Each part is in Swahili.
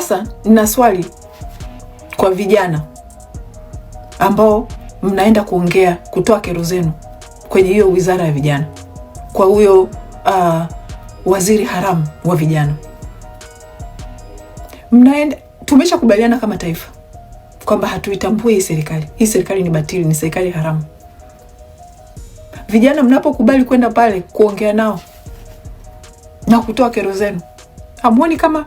Sasa nina swali kwa vijana ambao mnaenda kuongea kutoa kero zenu kwenye hiyo wizara ya vijana kwa huyo uh, waziri haramu wa vijana mnaenda, tumeshakubaliana kama taifa kwamba hatuitambui hii serikali. Hii serikali ni batili, ni serikali haramu. Vijana mnapokubali kwenda pale kuongea nao na kutoa kero zenu, hamuoni kama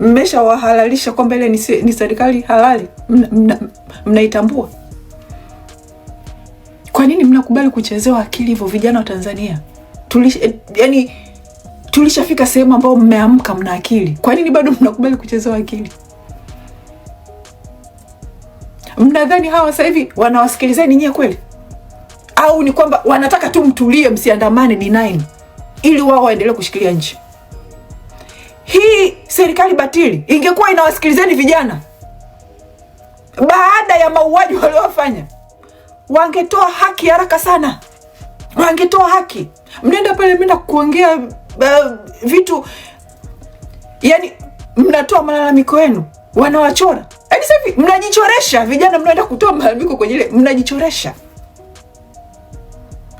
mmeshawahalalisha kwamba ile ni serikali halali, mnaitambua. Mna, mna kwa nini mnakubali kuchezewa akili hivyo? Vijana wa Tanzania eh, yani tulishafika sehemu ambayo mmeamka, mna akili. Kwa nini bado mnakubali kuchezewa akili? Mnadhani hawa sasa hivi wanawasikilizeni nyie kweli, au ni kwamba wanataka tu mtulie, msiandamane, ni nini, ili wao waendelee kushikilia nchi? Hii serikali batili ingekuwa inawasikilizeni vijana, baada ya mauaji waliofanya, wangetoa haki haraka sana, wangetoa haki. Mnaenda pale, mnaenda kuongea uh, vitu yani, mnatoa malalamiko yenu, wanawachora yani. Sasa mnajichoresha vijana, mnaenda kutoa malalamiko kwenye ile, mnajichoresha.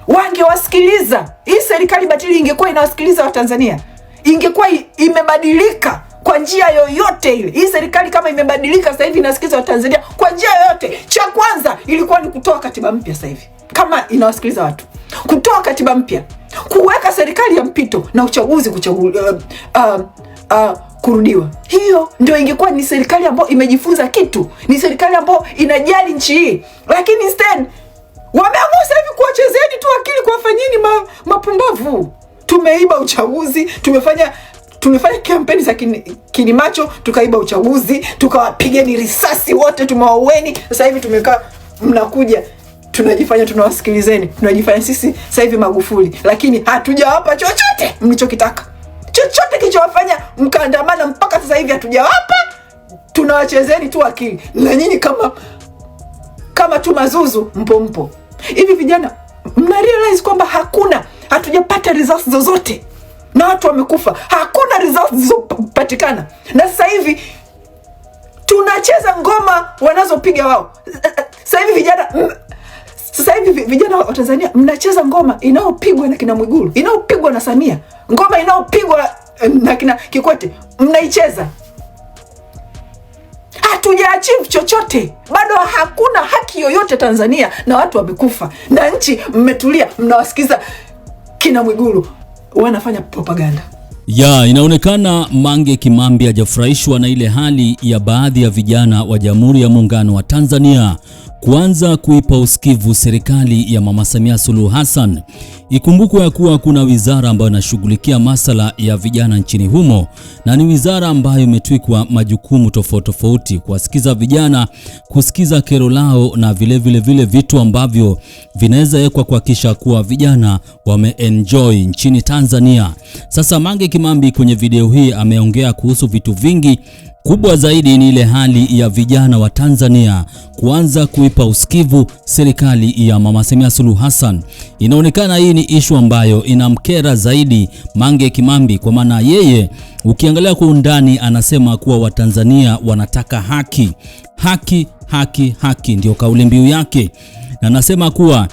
Wangewasikiliza, hii serikali batili ingekuwa inawasikiliza Watanzania ingekuwa imebadilika kwa njia yoyote ile. Hii serikali kama imebadilika sasa hivi inasikiliza Watanzania kwa njia yoyote, cha kwanza ilikuwa ni kutoa katiba mpya. Sasa hivi kama inawasikiliza watu, kutoa katiba mpya, kuweka serikali ya mpito na uchaguzi kuchaguliwa, uh, uh, uh, kurudiwa. Hiyo ndio ingekuwa ni serikali ambayo imejifunza kitu, ni serikali ambayo inajali nchi hii, lakini instead wameamua sasa hivi kuwachezeni tu akili, kuwafanyeni mapumbavu tumeiba uchaguzi, tumefanya tumefanya kampeni za kinimacho kini, tukaiba uchaguzi, tukawapigeni risasi wote, tumewaweni Sasa hivi tumekaa mnakuja tunajifanya tunawasikilizeni, tunajifanya sisi sasa hivi Magufuli, lakini hatujawapa chochote mlichokitaka, chochote kilichowafanya mkaandamana mpaka sasa hivi hatujawapa. Tunawachezeni tu akili, na nyinyi kama kama tu mazuzu, mpompo hivi. Vijana mna kwamba hakuna hatujapata results zozote na watu wamekufa, hakuna results zilizopatikana, na sasa hivi tunacheza ngoma wanazopiga wao. Sasa hivi vijana sasa hivi vijana wa Tanzania mnacheza ngoma inayopigwa na kina Mwigulu, inayopigwa na Samia, ngoma inayopigwa na kina Kikwete, mnaicheza. Hatuja achieve chochote bado, hakuna haki yoyote Tanzania, na watu wamekufa na nchi mmetulia, mnawasikiza kina Mwigulu wanafanya propaganda ya inaonekana Mange Kimambi hajafurahishwa na ile hali ya baadhi ya vijana wa Jamhuri ya Muungano wa Tanzania kuanza kuipa usikivu serikali ya Mama Samia Suluhu Hassan. Ikumbukwe ya kuwa kuna wizara ambayo inashughulikia masala ya vijana nchini humo na ni wizara ambayo imetwikwa majukumu tofauti tofauti, kuwasikiza vijana, kusikiza kero lao na vile vile vile vitu ambavyo vinaweza wekwa kuhakikisha kuwa vijana wameenjoy nchini Tanzania. Sasa Mange Kimambi kwenye video hii ameongea kuhusu vitu vingi kubwa zaidi ni ile hali ya vijana wa Tanzania kuanza kuipa usikivu serikali ya Mama Samia Suluhu Hassan. Inaonekana hii ni ishu ambayo inamkera zaidi Mange Kimambi, kwa maana yeye ukiangalia kwa undani anasema kuwa Watanzania wanataka haki, haki, haki, haki, ndiyo kauli mbiu yake, na anasema kuwa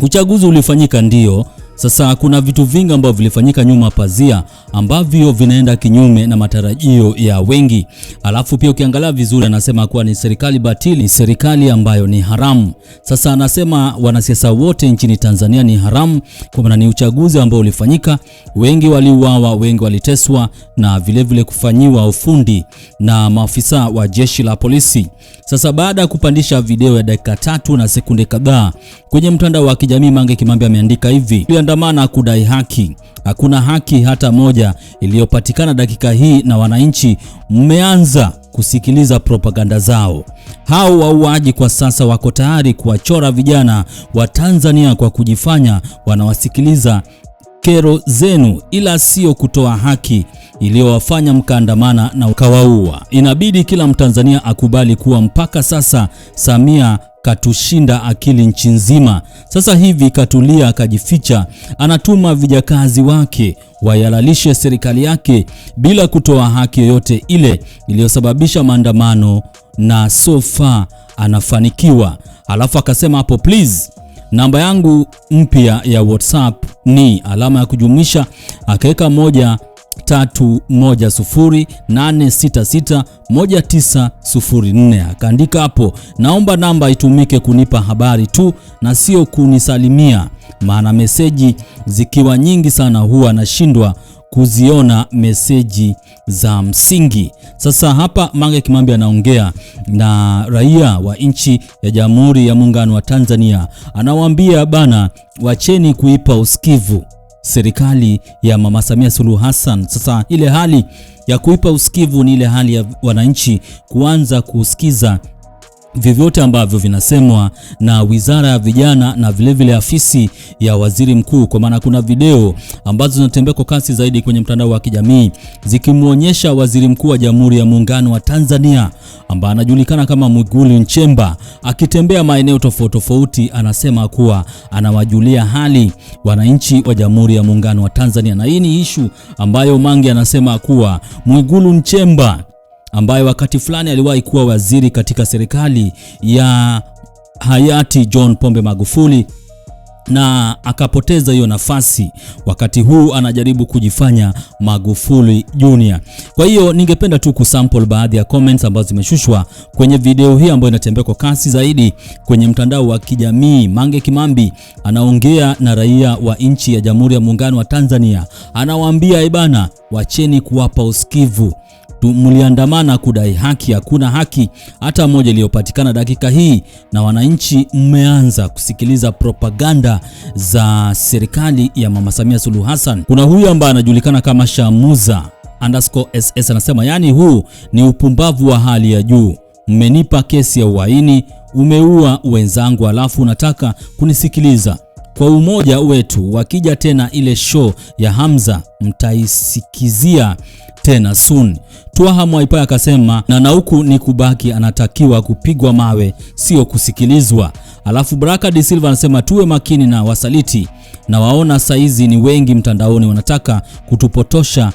uchaguzi ulifanyika ndio sasa kuna vitu vingi ambavyo vilifanyika nyuma pazia ambavyo vinaenda kinyume na matarajio ya wengi. Alafu pia ukiangalia vizuri, anasema kuwa ni serikali batili, ni serikali ambayo ni haramu. Sasa anasema wanasiasa wote nchini Tanzania ni haramu, kwa maana ni uchaguzi ambao ulifanyika, wengi waliuawa, wengi waliteswa na vilevile vile kufanyiwa ufundi na maafisa wa jeshi la polisi. Sasa baada ya kupandisha video ya dakika tatu na sekunde kadhaa kwenye mtandao wa kijamii, Mange Kimambi ameandika hivi kuandamana kudai haki. Hakuna haki hata moja iliyopatikana dakika hii, na wananchi mmeanza kusikiliza propaganda zao. Hao wauaji kwa sasa wako tayari kuwachora vijana wa Tanzania kwa kujifanya wanawasikiliza kero zenu, ila sio kutoa haki iliyowafanya mkaandamana na ukawaua. Inabidi kila Mtanzania akubali kuwa mpaka sasa Samia katushinda akili nchi nzima. Sasa hivi katulia, akajificha, anatuma vijakazi wake wayalalishe serikali yake bila kutoa haki yoyote ile iliyosababisha maandamano, na so far anafanikiwa. Alafu akasema hapo please Namba yangu mpya ya WhatsApp ni alama ya kujumlisha akaweka moja tatu moja sufuri nane sita sita moja tisa sufuri nne. Akaandika hapo, naomba namba itumike kunipa habari tu na sio kunisalimia, maana meseji zikiwa nyingi sana huwa nashindwa kuziona meseji za msingi. Sasa hapa Mange Kimambi anaongea na raia wa nchi ya Jamhuri ya Muungano wa Tanzania, anawaambia bana, wacheni kuipa usikivu serikali ya Mama Samia Suluhu Hassan. Sasa ile hali ya kuipa usikivu ni ile hali ya wananchi kuanza kusikiza vyovyote ambavyo vinasemwa na Wizara ya Vijana na vilevile vile afisi ya Waziri Mkuu, kwa maana kuna video ambazo zinatembea kwa kasi zaidi kwenye mtandao wa kijamii zikimwonyesha Waziri Mkuu wa Jamhuri ya Muungano wa Tanzania ambaye anajulikana kama Mwigulu Nchemba akitembea maeneo tofauti tofauti, anasema kuwa anawajulia hali wananchi wa Jamhuri ya Muungano wa Tanzania, na hii ni ishu ambayo mangi anasema kuwa Mwigulu Nchemba ambaye wakati fulani aliwahi kuwa waziri katika serikali ya hayati John Pombe Magufuli na akapoteza hiyo nafasi. Wakati huu anajaribu kujifanya Magufuli Junior. Kwa hiyo ningependa tu kusample baadhi ya comments ambazo zimeshushwa kwenye video hii ambayo inatembea kwa kasi zaidi kwenye mtandao wa kijamii. Mange Kimambi anaongea na raia wa nchi ya Jamhuri ya Muungano wa Tanzania, anawaambia ebana, eh wacheni kuwapa usikivu mliandamana kudai haki. Hakuna haki hata moja iliyopatikana dakika hii, na wananchi mmeanza kusikiliza propaganda za serikali ya Mama Samia Suluhu Hassan. Kuna huyu ambaye anajulikana kama Shamuza underscore SS anasema, yaani huu ni upumbavu wa hali ya juu. Mmenipa kesi ya uhaini, umeua wenzangu, alafu unataka kunisikiliza kwa umoja wetu, wakija tena ile show ya Hamza mtaisikizia tena soon. Twaha Mwaipaja akasema na nauku ni kubaki, anatakiwa kupigwa mawe sio kusikilizwa. Alafu Baraka de Silva anasema tuwe makini na wasaliti, na waona saizi ni wengi mtandaoni, wanataka kutupotosha.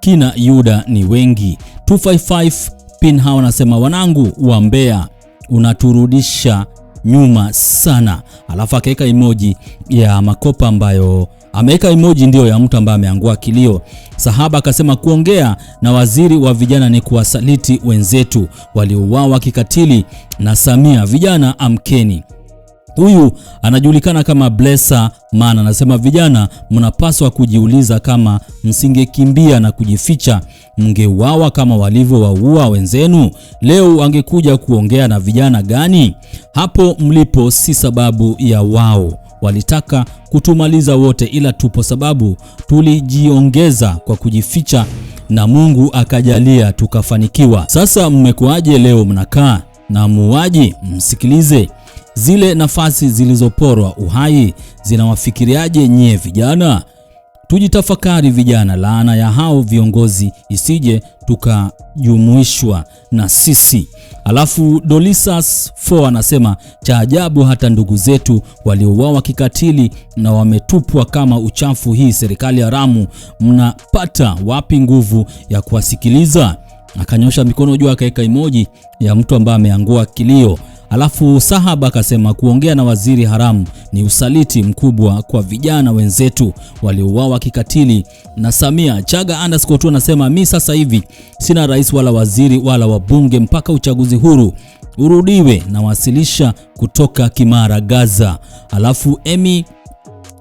Kina Yuda ni wengi. 255 pin hao anasema wanangu wa Mbeya, unaturudisha nyuma sana alafu akaweka emoji ya makopa ambayo ameweka emoji ndio ya mtu ambaye ameangua kilio. Sahaba akasema kuongea na waziri wa vijana ni kuwasaliti wenzetu waliouawa kikatili, na Samia vijana amkeni. Huyu anajulikana kama Blesa Mana, anasema vijana, mnapaswa kujiuliza kama msingekimbia na kujificha, mngeuawa kama walivyowaua wenzenu. Leo angekuja kuongea na vijana gani? Hapo mlipo si sababu ya wao walitaka kutumaliza wote, ila tupo sababu tulijiongeza kwa kujificha, na Mungu akajalia tukafanikiwa. Sasa mmekuaje leo mnakaa na muuaji? Msikilize. Zile nafasi zilizoporwa uhai zinawafikiriaje nyie vijana? Tujitafakari vijana, laana ya hao viongozi isije tukajumuishwa na sisi. Alafu Dolisas 4 anasema cha ajabu, hata ndugu zetu waliouawa kikatili na wametupwa kama uchafu, hii serikali haramu, mnapata wapi nguvu ya kuwasikiliza? Akanyosha mikono juu akaweka emoji ya mtu ambaye ameangua kilio. Alafu Sahaba akasema kuongea na waziri haramu ni usaliti mkubwa kwa vijana wenzetu waliouawa kikatili. Na Samia Chaga underscore tu anasema mi sasa hivi sina rais wala waziri wala wabunge mpaka uchaguzi huru urudiwe, na wasilisha kutoka Kimara Gaza. Alafu Emi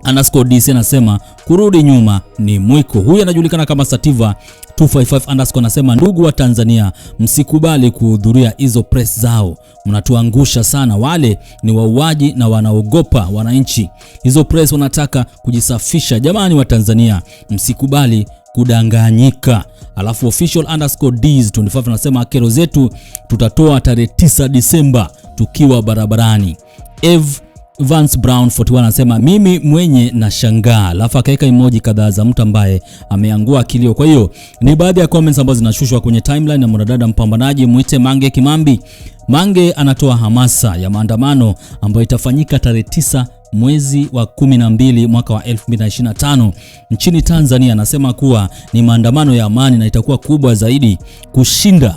underscore DC anasema kurudi nyuma ni mwiko. Huyu anajulikana kama Sativa 255 underscore anasema ndugu wa Tanzania, msikubali kuhudhuria hizo press zao, mnatuangusha sana. Wale ni wauaji na wanaogopa wananchi. Hizo press wanataka kujisafisha. Jamani wa Tanzania, msikubali kudanganyika. Alafu official underscore ds 25 anasema kero zetu tutatoa tarehe 9 Disemba tukiwa barabarani Ev Vance Brown 41 anasema mimi mwenye na shangaa alafu akaweka emoji kadhaa za mtu ambaye ameangua kilio. Kwa hiyo ni baadhi ya comments ambazo zinashushwa kwenye timeline na mwanadada mpambanaji mwite Mange Kimambi. Mange anatoa hamasa ya maandamano ambayo itafanyika tarehe tisa mwezi wa 12 mwaka wa 2025 nchini Tanzania. Anasema kuwa ni maandamano ya amani na itakuwa kubwa zaidi kushinda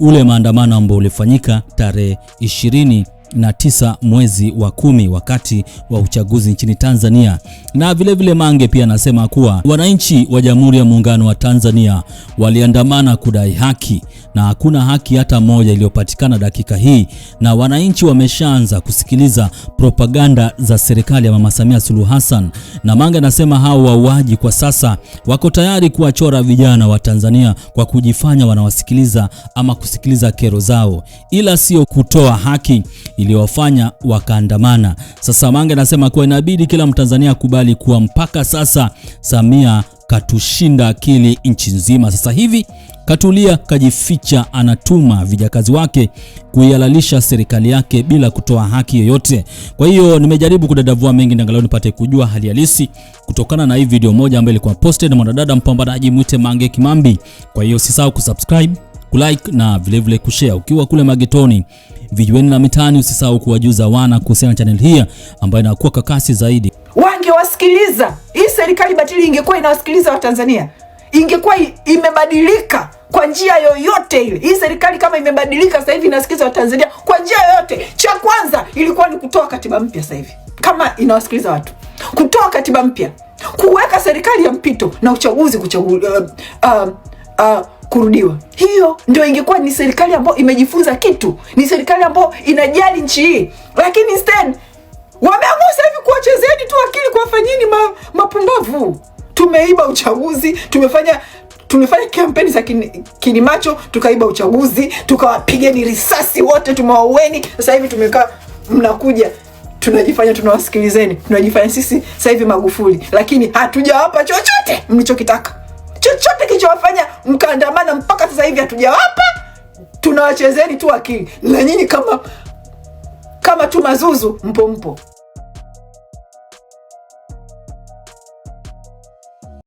ule maandamano ambao ulifanyika tarehe ishirini 29 mwezi wa kumi wakati wa uchaguzi nchini Tanzania. Na vilevile vile Mange pia anasema kuwa wananchi wa Jamhuri ya Muungano wa Tanzania waliandamana kudai haki na hakuna haki hata moja iliyopatikana dakika hii, na wananchi wameshaanza kusikiliza propaganda za serikali ya Mama Samia Suluhu Hassan. Na Mange anasema hao wauaji kwa sasa wako tayari kuwachora vijana wa Tanzania kwa kujifanya wanawasikiliza ama kusikiliza kero zao, ila sio kutoa haki iliyowafanya wakaandamana. Sasa Mange anasema kuwa inabidi kila Mtanzania akubali kuwa mpaka sasa Samia katushinda akili nchi nzima. Sasa hivi katulia, kajificha, anatuma vijakazi wake kuihalalisha serikali yake bila kutoa haki yoyote. Kwa hiyo nimejaribu kudadavua mengi, angalau nipate kujua hali halisi kutokana na hii video moja ambayo ilikuwa posted mwanadada mpambanaji mwite Mange Kimambi. Kwa hiyo usisahau kusubscribe kulike na vilevile kushare. Ukiwa kule magetoni, vijiweni na mitaani, usisahau kuwajuza wana kuhusiana channel hii ambayo inakuwa kwa kasi zaidi. Wangewasikiliza, hii serikali batili ingekuwa inawasikiliza Watanzania, ingekuwa imebadilika kwa njia yoyote ile. Hii serikali kama imebadilika sasa hivi inasikiliza Watanzania kwa njia yoyote, cha kwanza ilikuwa ni kutoa katiba mpya. Sasa hivi kama inawasikiliza watu, kutoa katiba mpya, kuweka serikali ya mpito na uchaguzi kuchagua uh, uh, uh, kurudiwa. Hiyo ndio ingekuwa ni serikali ambayo imejifunza kitu, ni serikali ambayo inajali nchi hii, lakini instead wameamua sasa hivi kuwachezeni tu akili, kuwafanyeni ma, mapumbavu. Tumeiba uchaguzi, tumefanya tumefanya kampeni za kinimacho kini, tukaiba uchaguzi, tukawapigeni risasi wote, tumewaueni. Sasa hivi tumekaa mnakuja tunajifanya tunawasikilizeni, tunajifanya sisi sasa hivi Magufuli, lakini hatujawapa chochote mlichokitaka chochote kilichowafanya mkaandamana mpaka sasa hivi hatujawapa, tunawachezeni tu akili, na nyinyi kama kama tu mazuzu mpompo mpo.